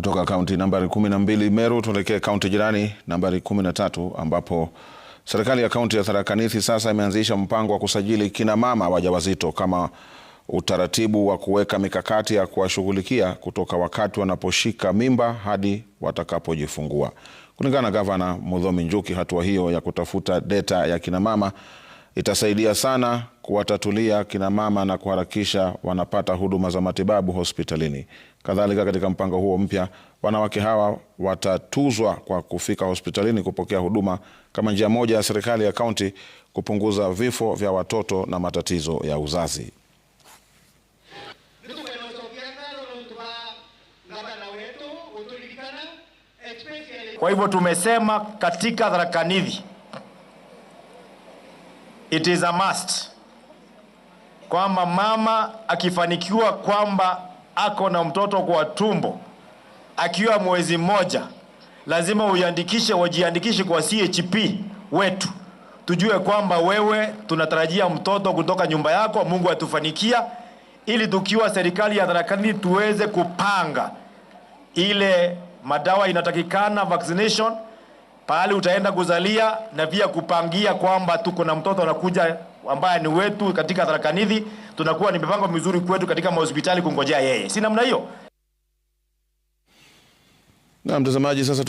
Kutoka kaunti nambari 12 Meru tuelekee kaunti jirani nambari 13 ambapo serikali ya kaunti ya Tharaka Nithi sasa imeanzisha mpango wa kusajili kina mama wajawazito kama utaratibu wa kuweka mikakati ya kuwashughulikia kutoka wakati wanaposhika mimba hadi watakapojifungua. Kulingana na gavana Mudhomi Njuki, hatua hiyo ya kutafuta deta ya kina mama itasaidia sana kuwatatulia kina mama na kuharakisha wanapata huduma za matibabu hospitalini. Kadhalika, katika mpango huo mpya wanawake hawa watatuzwa kwa kufika hospitalini kupokea huduma kama njia moja ya serikali ya kaunti kupunguza vifo vya watoto na matatizo ya uzazi. Kwa hivyo tumesema katika dharaka it is a must kwamba mama akifanikiwa kwamba ako na mtoto kwa tumbo akiwa mwezi mmoja, lazima uiandikishe, wajiandikishe kwa CHP wetu, tujue kwamba wewe tunatarajia mtoto kutoka nyumba yako. Mungu atufanikia ili tukiwa serikali ya dharakani tuweze kupanga ile madawa inatakikana vaccination pale utaenda kuzalia na pia kupangia kwamba tuko na mtoto anakuja ambaye ni wetu katika tarakanidhi, tunakuwa ni mipango mizuri kwetu katika mahospitali kungojea yeye, si namna hiyo? Na mtazamaji, sasa tupa